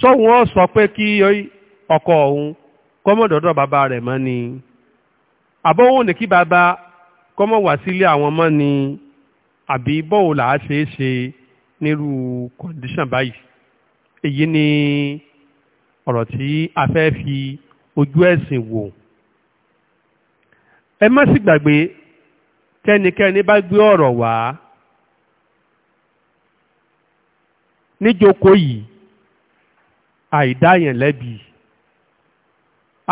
sọ́wọ́n sọ pé kí ọkọ òun kọ́mọ̀dọ́dọ̀ bàbá rẹ̀ mọ́ ni àbọ̀wọ̀n ní kí bàbá kọ́mọ̀ wá sílé àwọn mọ́ ni àbí bọ́ọ̀ là á ṣe é ṣe nírú kọ̀ǹdíṣàn báyìí èyí ni ọ̀rọ̀ tí a fẹ́ fi ojú ẹ̀sìn wò ẹ má sì gbàgbé kẹ́nikẹ́ni bá gbé ọ̀rọ̀ wá níjókòó yìí àìdáyàn lẹ́bi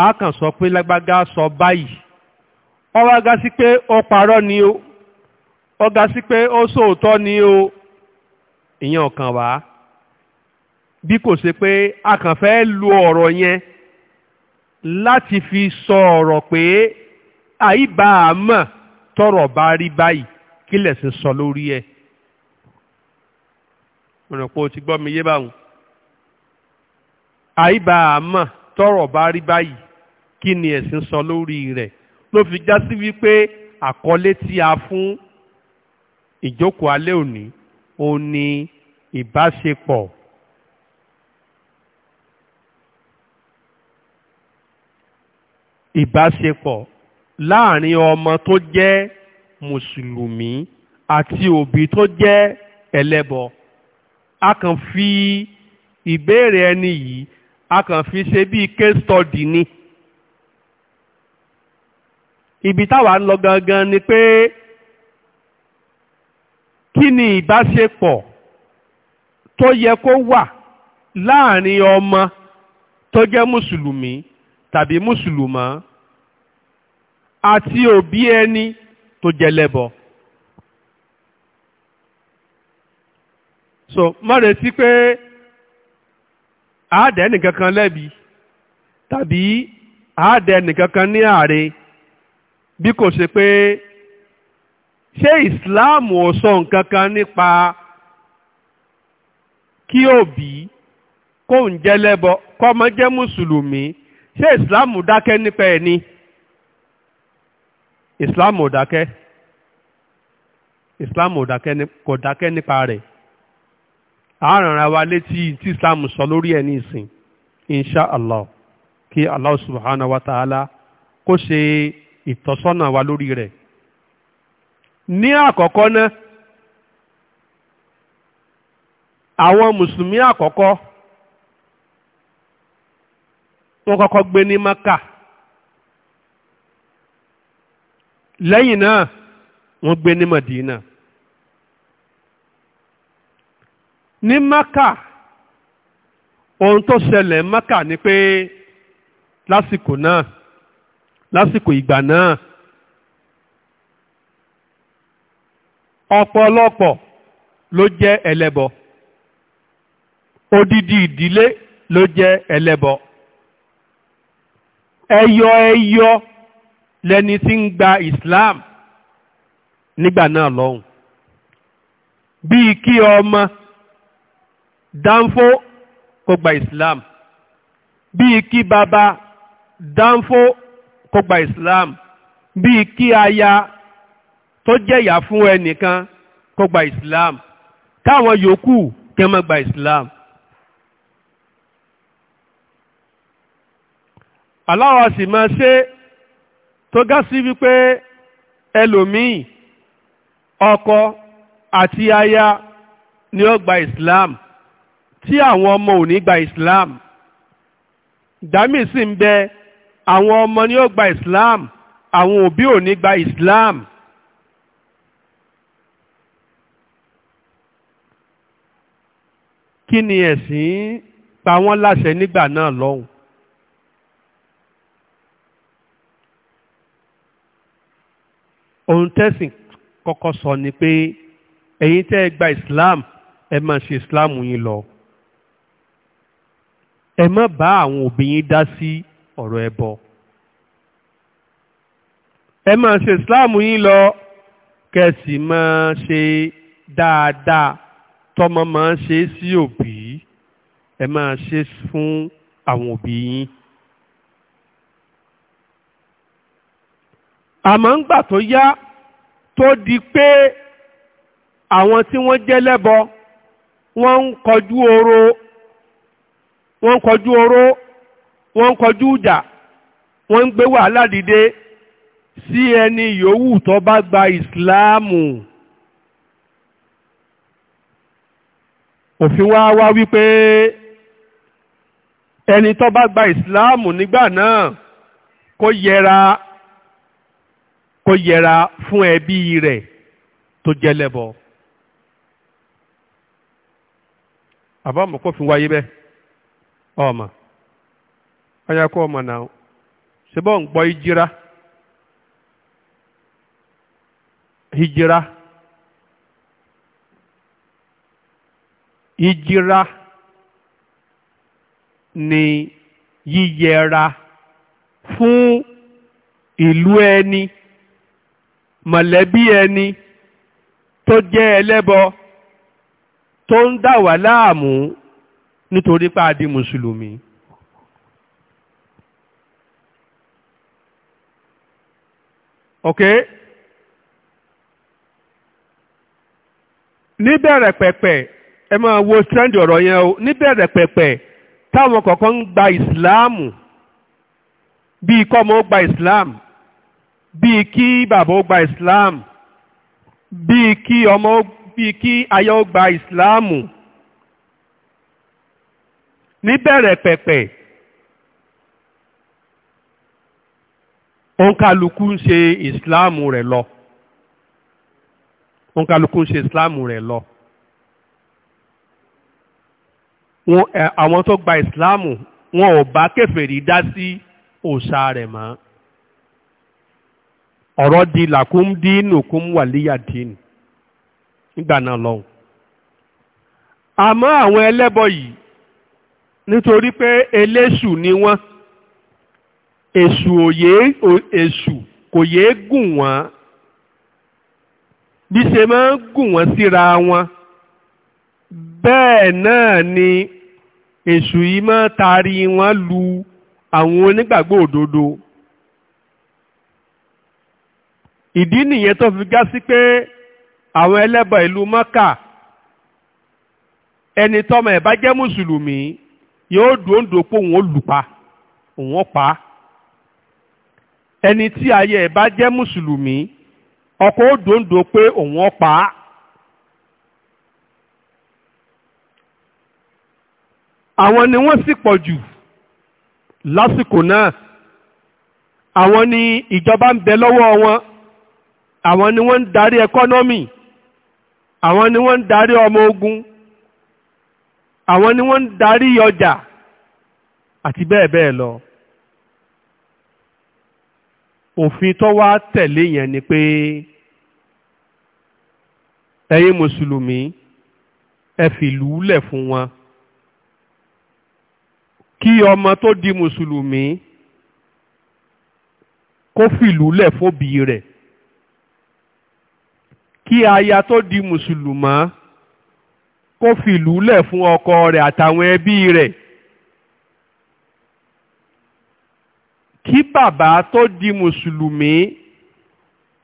a kàn sọ pé lágbága sọ báyìí ọwọ́ ga sí pé ó parọ́ ni o ó ga sí pé ó sòótọ́ ni o ìyẹn ọ̀kan wá bí kò ṣe pé a kàn fẹ́ lu ọ̀rọ̀ yẹn láti fi sọ ọ̀rọ̀ pé àìbàámọ̀ tọ̀rọ̀ bá rí báyìí kílẹ̀ sí sọ lórí ẹ̀ mo rò pé o ti gbọ́ mi yé báwọn àìbá àmọ́ tọrọ bá rí báyìí kí ni ẹ̀sìn sọ lórí rẹ̀ ló fi já sí wípé àkọlé tí a fún ìjókòó alẹ́ òní òun ni ìbáṣepọ̀. ìbáṣepọ̀ láàrin ọmọ tó jẹ́ mùsùlùmí àti òbí tó jẹ́ ẹlẹ́bọ a kàn fi ìbéèrè ẹni yìí a kàn fi ṣe bíi case study ni ibi táwa ń lọ gangan ni pé kí ni ìbáṣepọ̀ tó yẹ kó wà láàrin ọmọ tó jẹ́ mùsùlùmí tàbí mùsùlùmá àti òbí ẹni tó jẹ́ so má retí pé àádẹ́ nìkan kan lẹ́bi tàbí àádẹ́ nìkan kan ní ààrẹ bí kò ṣe pé ṣé ìsìláàmù ò sọ nǹkan kan nípa kí òbí kó ń jẹ́ lẹ́bọ kọ́mọ jẹ́ mùsùlùmí ṣé ìsìláàmù dákẹ́ nípa ẹ̀ ni ìsìláàmù ò dákẹ́ ìsìláàmù ò dákẹ́ kò dákẹ́ nípa rẹ̀. àárànra wa létí tí islam sọ lórí ẹ̀ ní ìsìn insha allah kí allah subhanahu wa ta'ala kó ṣe ìtọ́sọ́nà wa lórí rẹ̀ ní àkọ́kọ́ náà àwọn mùsùlùmí àkọ́kọ́ wọ́n kọ́kọ́ gbé ní maka lẹ́yìn náà wọ́n gbé ní madina. ní maka ohun tó ṣẹlẹ̀ maka ni pé lásìkò náà lásìkò ìgbà náà ọ̀pọ̀lọpọ̀ ló jẹ́ ẹlẹ́bọ odidi ìdílé ló jẹ́ ẹlẹ́bọ ẹyọ ẹyọ lẹni tí ń gba Islam nígbà náà lọ́hùn bíi kí ọmọ dánfó kó gba islam bíi kí bàbá dánfó kó gba islam bíi kí aya tó jẹ̀yà fún ẹnìkan kó gba islam káwọn yòókù kẹ́ má gba islam. aláwọ̀ sì máa ṣe tó gá sí wípé ẹlòmíì ọkọ àti aya ni ó gba islam tí àwọn ọmọ ò ní gba Islam dàmí sì ń bẹ àwọn ọmọ ni ó gba Islam àwọn òbí ò ní gba Islam. kí ni ẹ̀sìn pa wọ́n láṣẹ nígbà náà lọ́hùn. ohun tẹ́sìn kọ́kọ́ sọ ni pé ẹ̀yin tẹ́ gba Islam ẹ máa ṣe Islam yín lọ ẹ má bá àwọn òbí yín dá sí ọ̀rọ̀ ẹbọ. ẹ máa ṣe islam yín lọ kẹsì máa ṣe dáadáa tọmọ máa ṣe sí òbí ẹ máa ṣe fún àwọn òbí yín. àmọ́ ńgbà tó yá tó di pé àwọn tí wọ́n jẹ́ lẹ́bọ wọ́n ń kọjú oró wọ́n ń kọjú oró wọ́n ń kọjú ìjà wọ́n ń gbé wàhálà dìde sí ẹni yòówù tó bá gba ìsìláàmù òfin wá wá wípé ẹni tó bá gba ìsìláàmù nígbà náà kó yẹra kó yẹra fún ẹbí rẹ̀ tó jẹ́ lẹ́bọ kófin wáyé bẹ́ẹ̀ ọmọ ọyà kó ọmọ náà ṣùgbọ́n ń gbọ́ hijira ìjìra ni yíyẹra fún ìlú ẹni mọ̀lẹ́bí ẹni tó jẹ́ ẹlẹ́bọ tó ń dà wá láàmú nítorí pé a di mùsùlùmí. ok níbẹ̀rẹ̀ pẹ̀pẹ̀ ẹ máa wo trend ọ̀rọ̀ yẹn o níbẹ̀rẹ̀ pẹ̀pẹ̀ táwọn kọ̀ọ̀kan ń gba ìsìláàmù bíi kọ́mọ ó gba Islam, bíi kí bàbá ó gba ìsìláàmù bíi kí ọmọ bíi kí aya ó gba ìsìláàmù níbẹ̀rẹ̀ pẹ̀pẹ̀ òǹkàlùkù ń ṣe ìsìláàmù rẹ̀ lọ òǹkàlùkù ń ṣe ìsìláàmù rẹ̀ lọ àwọn tó gba ìsìláàmù wọn ò bá kèfèrí dá sí òòṣà rẹ̀ mọ́ ọ̀rọ̀ di làkúm dínú nígbà náà lọ́hùn àmọ́ àwọn ẹlẹ́bọ yìí nítorí pé eléṣù ni wọ́n èṣù òye èṣù kò yéé gùn wọ́n bí ṣe máa ń gùn wọ́n síra wọn bẹ́ẹ̀ náà ni èṣù yìí máa taari wọn lu àwọn onígbàgbọ́ òdodo ìdí nìyẹn tó fi já sí pé àwọn ẹlẹ́bọ ìlú mọ́kà ẹni tọ́mọ ẹ̀ bá jẹ́ mùsùlùmí yóò dòńdò pé òun ó lù pa òun ó pa á ẹni tí ayé ẹ̀ bá jẹ́ mùsùlùmí ọkọ ó dòńdò pé òun ó pa á. àwọn ni wọ́n sì pọ̀ jù lásìkò náà àwọn ni ìjọba ń bẹ lọ́wọ́ wọn àwọn ni wọ́n ń darí ẹkọ́nọ́mì àwọn ni wọ́n ń darí ọmọ ogun àwọn ni wọ́n ń darí ọjà àti bẹ́ẹ̀ bẹ́ẹ̀ lọ òfin tó wá tẹ̀lé yẹn ni pé ẹ̀yin mùsùlùmí ẹ fìlú lẹ̀ fún wọn kí ọmọ tó di mùsùlùmí kó fìlú lẹ̀ fóbi rẹ̀ kí aya tó di mùsùlùmá kó fìlú lẹ̀ fún ọkọ rẹ̀ àtàwọn ẹbí rẹ̀ kí bàbá tó di mùsùlùmí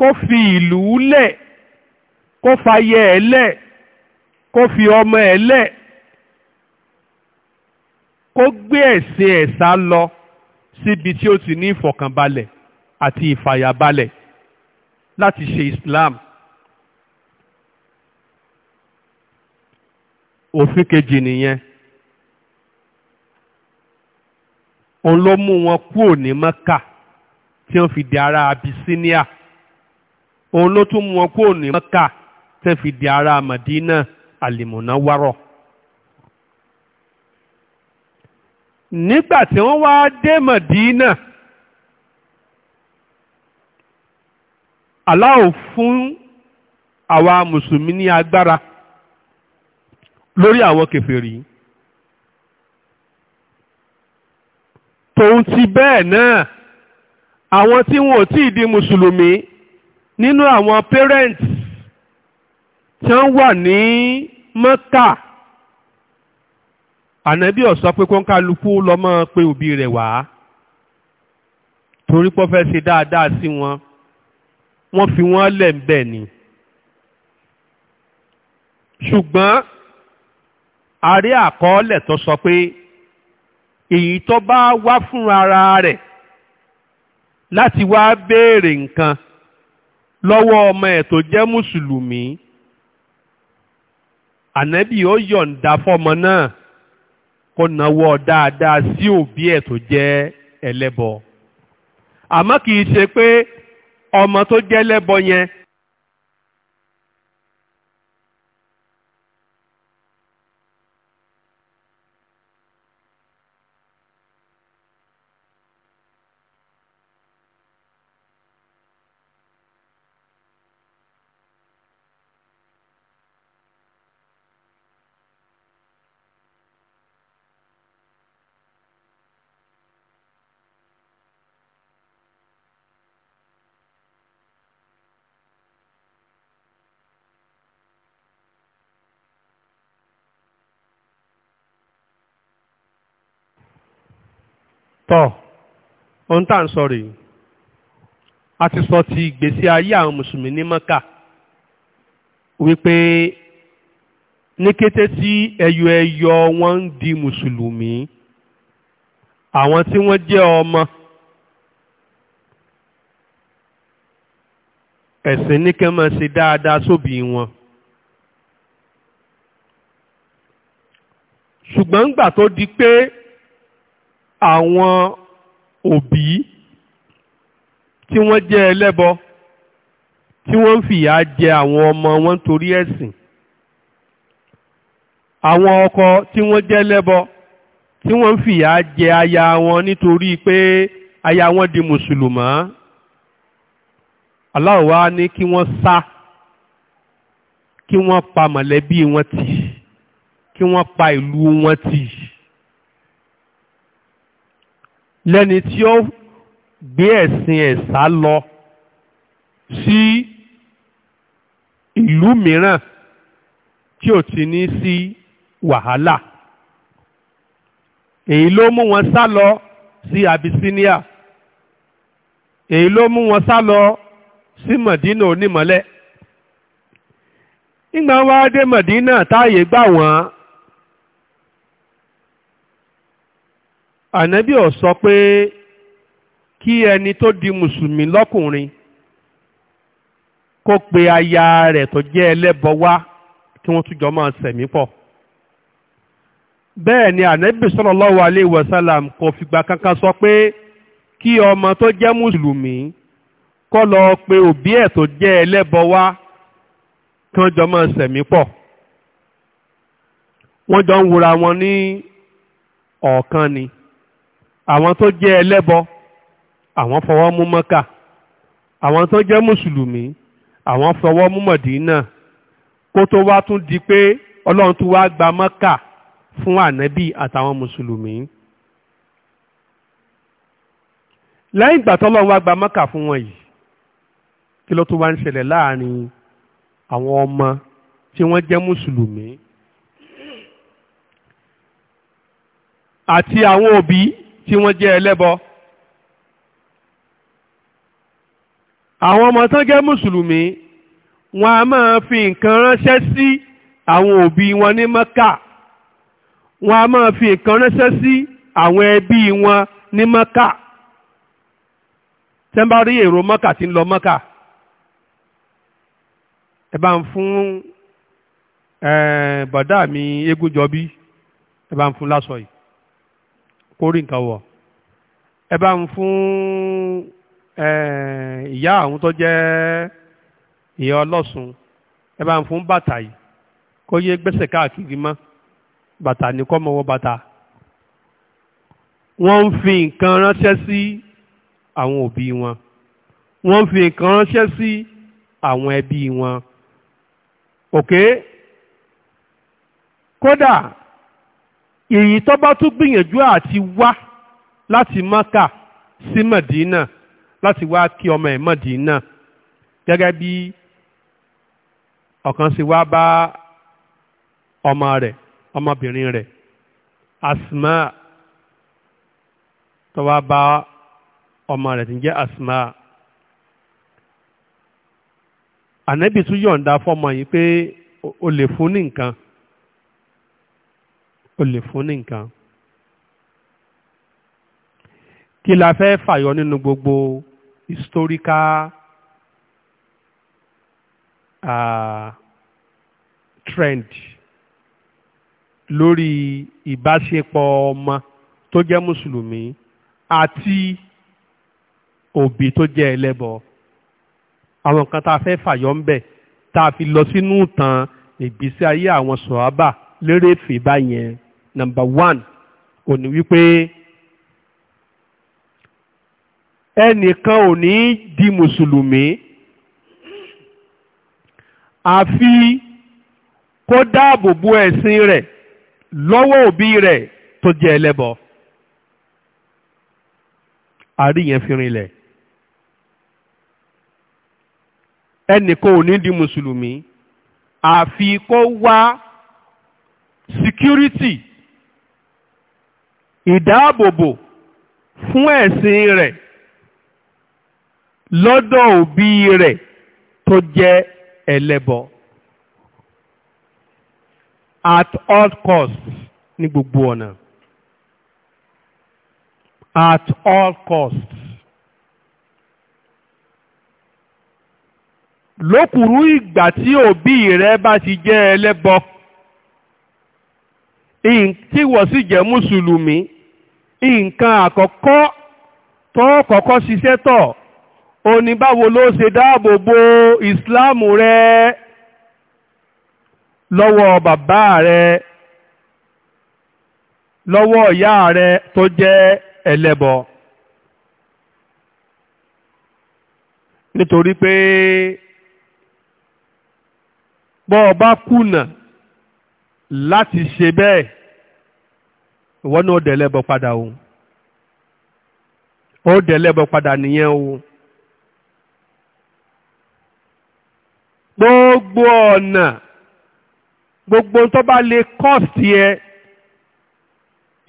kó fi ìlú lẹ̀ kó fayẹ ẹ̀ lẹ̀ kó fi ọmọ ẹ̀ lẹ̀ kó gbé ẹ̀sìn ẹ̀ lọ síbi tí ó ti ní ìfọ̀kànbalẹ̀ àti ìfàyàbalẹ̀ láti ṣe Islam. òfin kejì nìyẹn òun ló mú wọn kúrò ní mọ́kà tí wọ́n fi di ara abisinia òun ló tún mú wọn kúrò ní mọ́kà tí wọ́n fi di ara madina alimuna warọ. nígbà tí wọ́n wá dé madina aláwọ̀ fún àwa mùsùlùmí ní agbára. lórí àwọn kèfèrí tòun ti bẹ́ẹ̀ náà àwọn tí wọn ò tí ì di mùsùlùmí nínú àwọn parents tí wọ́n wà ní mọ́kà ànábì ó sọ pé kọ́ńkálukú lọ́mọ pé òbí rẹ̀ wá torí pọ́ fẹ́ ṣe dáadáa sí wọn wọ́n fi wọ́n lẹ̀ ń bẹ̀ ni ṣùgbọ́n a rí àkọọ́lẹ̀ tó sọ pé èyí tó bá wá ara rẹ̀ láti wá béèrè nǹkan lọ́wọ́ ọmọ ẹ̀ tó jẹ́ mùsùlùmí ànábì ó yọ̀ǹda fọmọ náà kó nawọ́ dáadáa sí òbí ẹ̀ tó jẹ́ ẹlẹ́bọ àmọ́ kì í ṣe pé ọmọ tó jẹ́ lẹ́bọ yẹn tọ́ ohun tá à ń sọ rèé a ti sọ ti ìgbésí ayé àwọn mùsùlùmí ní mọ́kà wípé ní kété tí ẹyọ ẹyọ wọn ń di mùsùlùmí àwọn tí wọ́n jẹ́ ọmọ ẹ̀sìn ní kẹ́ máa ṣe dáadáa sóbí wọn. ṣùgbọ́n ńgbà tó di pé àwọn òbí tí wọ́n jẹ́ ẹlẹ́bọ tí wọ́n ń fìyà jẹ àwọn ọmọ wọn torí ẹ̀sìn àwọn ọkọ tí wọ́n jẹ́ ẹlẹ́bọ tí wọ́n ń fìyà jẹ aya wọn nítorí pé aya wọn di mùsùlùmá Allah wá ní kí wọ́n sá kí wọ́n pa mọ̀lẹ́bí wọn tì kí wọ́n pa ìlú wọn tì lẹ́ni tí ó gbé ẹ̀sìn ẹ̀sà lọ sí ìlú mìíràn tí ò ti ní sí wàhálà èyí ló mú wọn sá lọ sí Abyssinia èyí ló mú wọn sá lọ sí Mọ̀dínà onímọ̀lẹ́ nígbà wọn dé Mọ̀dínà táàyè gbà wọ́n ànábì ò sọ pé kí ẹni tó di mùsùlùmí lọ́kùnrin kó pe aya rẹ̀ tó jẹ́ ẹlẹ́bọ wá kí wọ́n tún jọ máa ṣẹ̀mí pọ̀ bẹ́ẹ̀ ni ànábì sallallahu alayhi wa sallam kò fìgbà kankan sọ pé kí ọmọ tó jẹ́ mùsùlùmí kó lọ pe òbí ẹ̀ tó jẹ́ ẹlẹ́bọ wá kí wọ́n jọ máa ṣẹ̀mí pọ̀ wọ́n jọ ń wura wọn ní ọ̀kan ni àwọn tó jẹ́ ẹlẹ́bọ àwọn fọwọ́ mú mọ́kà àwọn tó jẹ́ mùsùlùmí àwọn fọwọ́ mú mọ̀dínà kó tó wá tún di pé ọlọ́run tún wá gba mọ́kà fún ànábì àtàwọn mùsùlùmí lẹ́yìn ìgbà tọ́lọ́run wá gba mọ́kà fún wọn yìí kí ló tún wá ń ṣẹlẹ̀ láàrin àwọn ọmọ tí wọ́n jẹ́ mùsùlùmí àti àwọn òbí tí wọ́n jẹ́ ẹlẹ́bọ. àwọn ọmọ tán jẹ́ mùsùlùmí wọn a máa fi nǹkan ránṣẹ́ sí àwọn òbí wọn ní mọ́kà wọn a máa fi nǹkan ránṣẹ́ sí àwọn ẹbí wọn ní mọ́kà tẹ́ èrò mọ́kà tí ń lọ mọ́kà ẹ bá ń fún eh, bọ̀dá mi egúnjọbí ẹ bá ń fún lásọ yìí kó rí nǹkan wọ̀ ẹ bá ń fún ìyá àwọn tó jẹ́ ìyá ọlọ́sùn ẹ bá ń fún bàtà yìí kó yé gbẹ́sẹ̀ káàkiri mọ́ bàtà ní kọ́ mọ́wọ́ bàtà wọ́n ń fi nǹkan ránṣẹ́ sí àwọn òbí wọn wọ́n ń fi nǹkan ránṣẹ́ sí àwọn ẹbí wọn òkè kódà èyí tó bá tún gbìyànjú àti wá láti mọ́kà sí mọ̀dínà láti wá kí ọmọ ẹ̀ mọ̀dínà gẹ́gẹ́ bí ọ̀kan sì wá bá ọmọ rẹ̀ ọmọbìnrin rẹ̀ asma tó wá bá ọmọ rẹ̀ tí ń jẹ́ asma ànẹ́bì tún yọ̀ǹda fọmọ yìí pé o lè fún ní nǹkan o lè fún ní nǹkan kí la fẹ́ fàyọ nínú gbogbo historical uh, trend lórí ìbáṣepọ̀ ọmọ tó jẹ́ mùsùlùmí àti òbí tó jẹ́ ẹlẹ́bọ àwọn kan tá a fẹ́ fàyọ ń bẹ̀ tá a fi lọ sínú ìtàn ìgbésí ayé àwọn sọ̀hábà lérèfé báyẹn. Number one ò ní wípé ẹnìkan ò ní di mùsùlùmí àfi kó dáàbò bo ẹ̀sìn rẹ̀ lọ́wọ́ òbí rẹ̀ tó jẹ́ ẹlẹ́bọ àrí yẹn fi rinlẹ̀ ẹnìkan ò ní di mùsùlùmí àfi kó wá security ìdáàbòbò fún ẹ̀sìn rẹ̀ lọ́dọ̀ òbí rẹ̀ tó jẹ́ ẹlẹ́bọ at all costs ní gbogbo ọ̀nà at all costs lókùrú ìgbà tí òbí rẹ bá ti jẹ́ ẹlẹ́bọ tí wọ́n sì jẹ́ mùsùlùmí nǹkan àkọ́kọ́ tó kọ́kọ́ ṣiṣẹ́ tọ̀ ó ní báwo ló ṣe dáàbò bo ìsìláàmù rẹ lọ́wọ́ bàbá rẹ lọ́wọ́ ìyá rẹ tó jẹ́ ẹlẹ́bọ nítorí pé bọ́ọ̀ bá kùnà láti ṣe bẹ́ẹ̀ ìwọ náà ó dẹ̀ lẹ́bọ padà o ó dẹ̀ lẹ́bọ padà nìyẹn o gbogbo ọ̀nà gbogbo tó bá lè kọ́ọ̀sì ẹ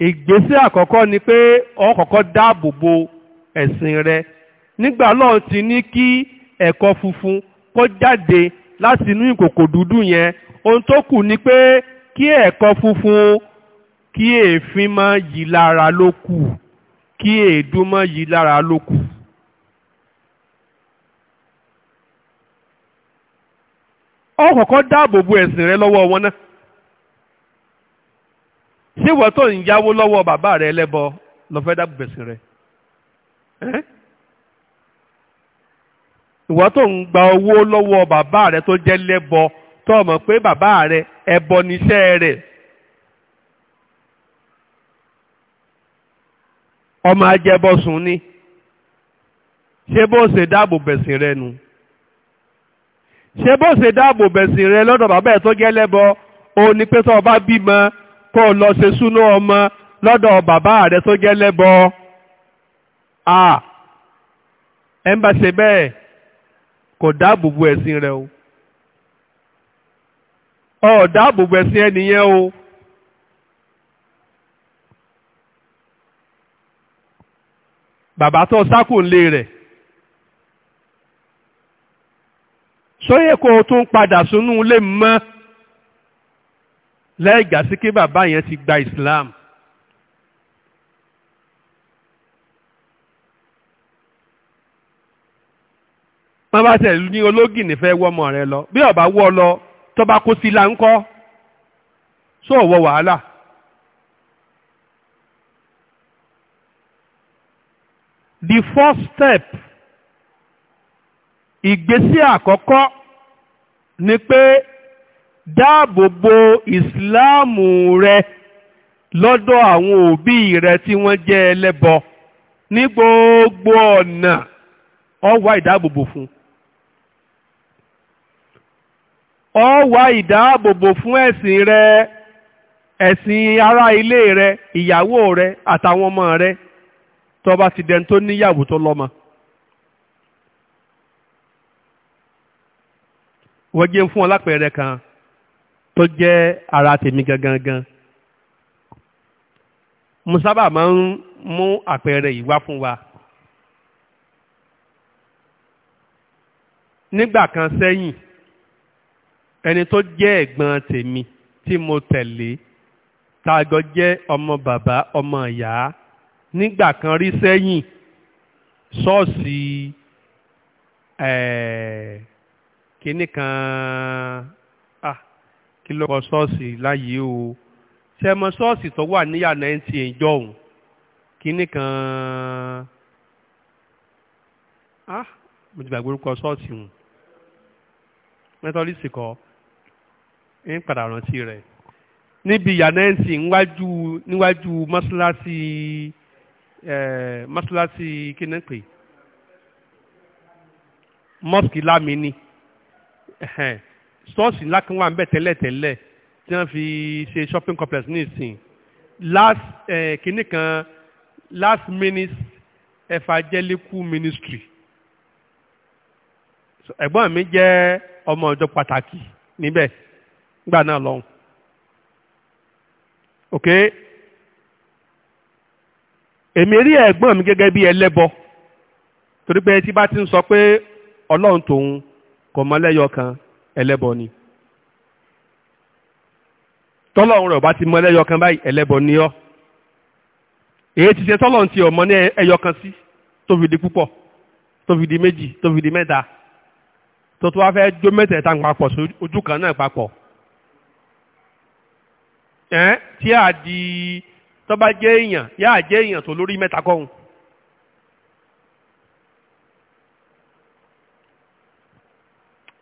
ìgbésẹ̀ àkọ́kọ́ ni pé o kọ́kọ́ dáàbò bo ẹ̀sìn rẹ nígbà náà ti ní kí ẹ̀kọ́ funfun kó jáde láti inú ìkòkò dúdú yẹn ohun tó kù ni pé kí ẹ̀kọ́ funfun kí èéfín má yí lára ló kù kí èédú má yí lára ló kù. ó kọ́kọ́ dáàbò bo ẹ̀sìn rẹ lọ́wọ́ wọn náà ṣé ìwọ tó ń yáwó lọ́wọ́ bàbá rẹ lẹ́bọ lọ fẹ́ dáàbò bẹ̀sìn rẹ ìwọ tó ń gba owó lọ́wọ́ bàbá rẹ tó jẹ́ lẹ́bọ tó mọ̀ pé bàbá rẹ ẹbọ níṣẹ́ rẹ̀ ọmọ ajẹ́bọ́sùn ni ṣé bó ṣe dáàbò bẹ̀sìn rẹ nu ṣé bó ṣe dáàbò bẹ̀sìn rẹ lọ́dọ̀ bàbá ẹ̀ tó jẹ́ lẹ́bọ ó ní pé tó bá bímọ kó o lọ ṣe súná ọmọ lọ́dọ̀ bàbá rẹ tó jẹ́ a ẹ̀ ń bá ṣe bẹ́ẹ̀ kò dáàbò bo ẹ̀sìn rẹ o ọ̀ dáàbò bo ẹ̀sìn ẹnìyẹn o. bàbá tó sákò ńlé rẹ̀ sóyè kó o tún padà sínú ilé mọ́ lẹ́ẹ̀gà sí kí bàbá yẹn ti gba Islam wọ́n bá tẹ̀lé ní ológìní fẹ́ wọ́mọ rẹ lọ bí ọba wọ́ lọ tó kó sí láńkọ́ sóòwọ́ wàhálà. So, the first step ìgbésẹ̀ àkọ́kọ́ ni pé dáàbò ìsìláàmù rẹ lọ́dọ̀ àwọn òbí rẹ tí wọ́n jẹ́ ẹlẹ́bọ ní gbogbo ọ ìdáàbòbò fún ọ wa ìdáàbòbò fún ẹ̀sìn rẹ ẹ̀sìn ara ilé rẹ ìyàwó rẹ àtàwọn ọmọ rẹ. tó bá ti dẹni tó níyàwó tó lọ́mọ. wọ́n jẹ́ fún ọ lápẹẹrẹ kan tó jẹ́ ara tèmi gangan gan mo sábà máa ń mú àpẹẹrẹ yìí wá fún wa nígbà kan sẹ́yìn ẹni tó jẹ́ ẹ̀gbọ́n tèmi tí mo tẹ̀lé tá a jọ jẹ́ ọmọ bàbá ọmọ ìyá nígbà kan rí sẹ́yìn ṣọ́ọ̀ṣì kínní kan ah, kí ló kọ ṣọ́ọ̀ṣì láyé o ṣẹmọ ṣọ́ọ̀ṣì tó wà níyà náìntì ìjọ òun kínní kan ah, mo ti gbàgbé orúkọ ṣọ́ọ̀ṣì hùn mẹ́tọ́lísì kọ́ ń padà rántí rẹ̀ níbi ìyà náìntì níwájú níwájú mọ́ṣáláṣí. Eh, mọ́ṣáláṣí kíni pè mọ́ṣkì lámìíní ṣọ́ọ̀ṣì ńlá kan wà ń bẹ̀ tẹ́lẹ̀tẹ́lẹ̀ tí wọ́n fi ṣe shopping complex ní ìsìn last eh, kíní kan last minute evangelical ministry ẹ̀gbọ́n mi jẹ́ ọmọ ọjọ́ pàtàkì níbẹ̀ nígbà náà lọ́hùn. okay èmi rí ẹ̀gbọ́n mi gẹ́gẹ́ bí ẹlẹ́bọ torí pé tí bá ti ń sọ pé ọlọ́run tòun kò mọ lẹ́yọ kan ẹlẹ́bọ ni tọ́lọ́run rẹ̀ bá ti mọ lẹ́yọ kan báyìí ẹlẹ́bọ ni ọ́ èyí ti ṣe tọ́lọ́run ti ọmọ ní ẹyọ kan sí tó fi di púpọ̀ tó fi di méjì tó fi di mẹ́ta tó tó wá fẹ́ jó mẹ́tẹ̀ẹ̀ta papọ̀ ojú kan náà papọ̀ ẹ̀ tí a di. tó bá jẹ́ èèyàn yáà jẹ́ èèyàn tó lórí mẹ́ta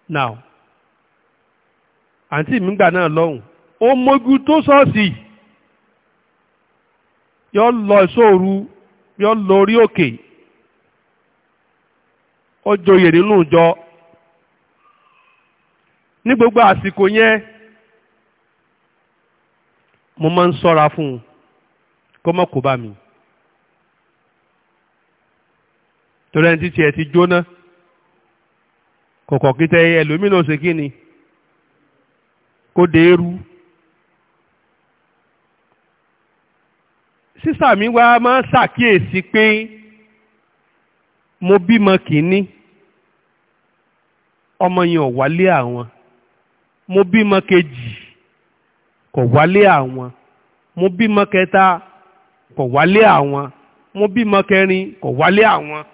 now àǹtí mi gbà náà lọ́hùn ó tó si yọ lọ sóòru yọ lọ orí òkè ó joyè nínú ìjọ ní gbogbo àsìkò yẹn mo máa ń fún un kó mọ̀ kó bá mi. torí ẹni títí ẹ ti jóná kọ̀kọ̀ kí tẹ ẹlòmíràn ṣe kí ni kó dé eru. sísà mi wá máa ń ṣàkíyèsí pé mo bímọ kìíní ọmọ yẹn ò àwọn mo bímọ kejì kò àwọn mo bímọ kẹta kò wálé àwọn mo bímọ kẹrin kò wálé àwọn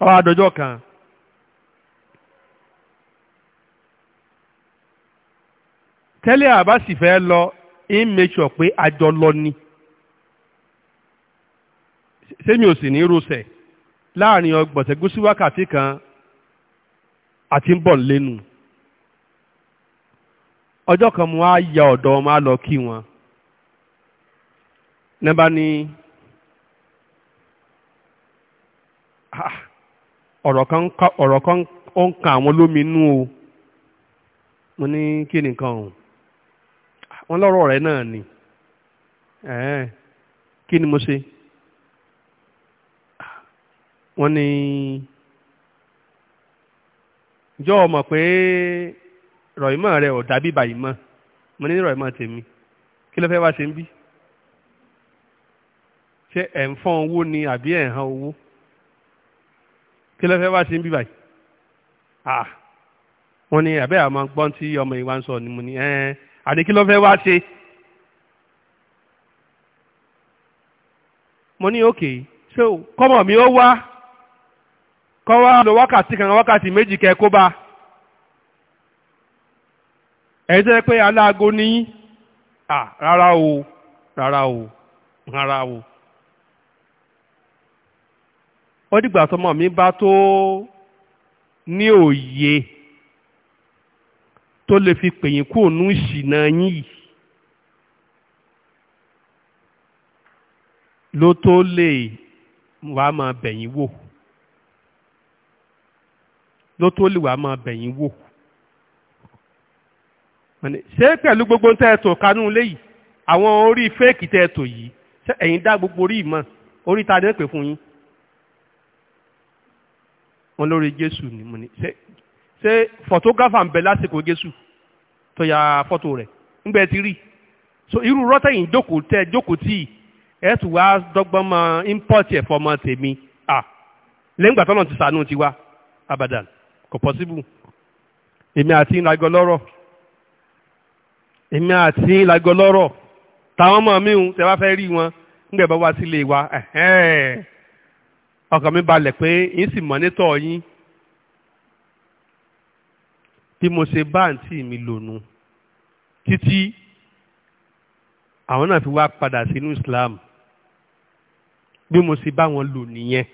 ọ adọjọ kan tẹ́lẹ̀ àbá sì fẹ́ lọ in make pé àjọ lọ ni sẹ́mi ò sì ní rosẹ̀ láàrin ọgbọ̀nsẹ̀gúsí wákàtí kan àti ń bọ̀ lẹ́nu ọjọ́ kan mo á ya ọ̀dọ̀ ọmọ á lọ kí wọn. nẹ́bà ni ah, ọ̀rọ̀ kan ọ̀rọ̀ kan ó ń kan àwọn lómi inú o mo ní kí nìkan o ah, wọ́n lọ́rọ̀ rẹ̀ náà ni kí ni mo ṣe ah, wọ́n ní jọ́ ọmọ pé rọ̀ìmọ̀ rẹ̀ ò dàbí bàyìí mọ́ mo ní rọ̀ìmọ̀ tèmi kí ló fẹ́ wá ṣe ń bí ṣé ẹ̀ owó ni àbí owó kí wá sí ń ah wọ́n ni àbẹ́ àmọ́ gbọ́n tí ọmọ ìwà ń sọ ni mo ní ẹ́ẹ́ àní kí ló fẹ́ wá ṣe mo ní òkè ṣé o kọ́mọ̀ mi ó wá kọ́ wá lọ wákàtí kan wákàtí méjì jẹ́ pé ní ah, rárá o rárá o rárá o. ó dìgbà tọmọ mi bá tó ní òye tó lè fi pèyìn kú ònú ìṣìnà yín yìí ló tó lè wàá máa bẹ̀yìn wò ló tó lè wàá máa bẹ̀yìn wò ṣé pẹ̀lú gbogbo tẹ́ ẹ tò kanú léyìí àwọn orí fẹ́ẹ̀kì tẹ́ ẹ tò yìí ẹ̀yin dá gbogbo orí ìmọ̀ orí ta ni pè fún yín wọn lórí jésù ni mo ní ṣe ṣe photographer ń bẹ lásìkò jésù tó ya fọ́tò rẹ̀ ńgbẹ́ ti rí so irú rọ́tẹ̀yìn jókòó tẹ jókòó tí ẹ tù wá dọ́gbọ́n mọ import ẹ̀ fọmọ tèmi à lẹ́yìngbà tọ́nà ti sànú ti wá abadan kò possible èmi àti ìlàgọ́ lọ́rọ̀ èmi àti ìlàgọ́ lọ́rọ̀ táwọn ọmọ mi ń tẹ bá fẹ́ rí wọn ńgbẹ́ wá sílé wa ẹ̀hẹ́n. ọkàn mi balẹ̀ pé yín sì mọ́nítọ̀ yín bí mo ṣe bá àǹtí mi lònú títí àwọn náà fi wá padà sínú Islam bí mo ṣe bá wọn lò nìyẹn.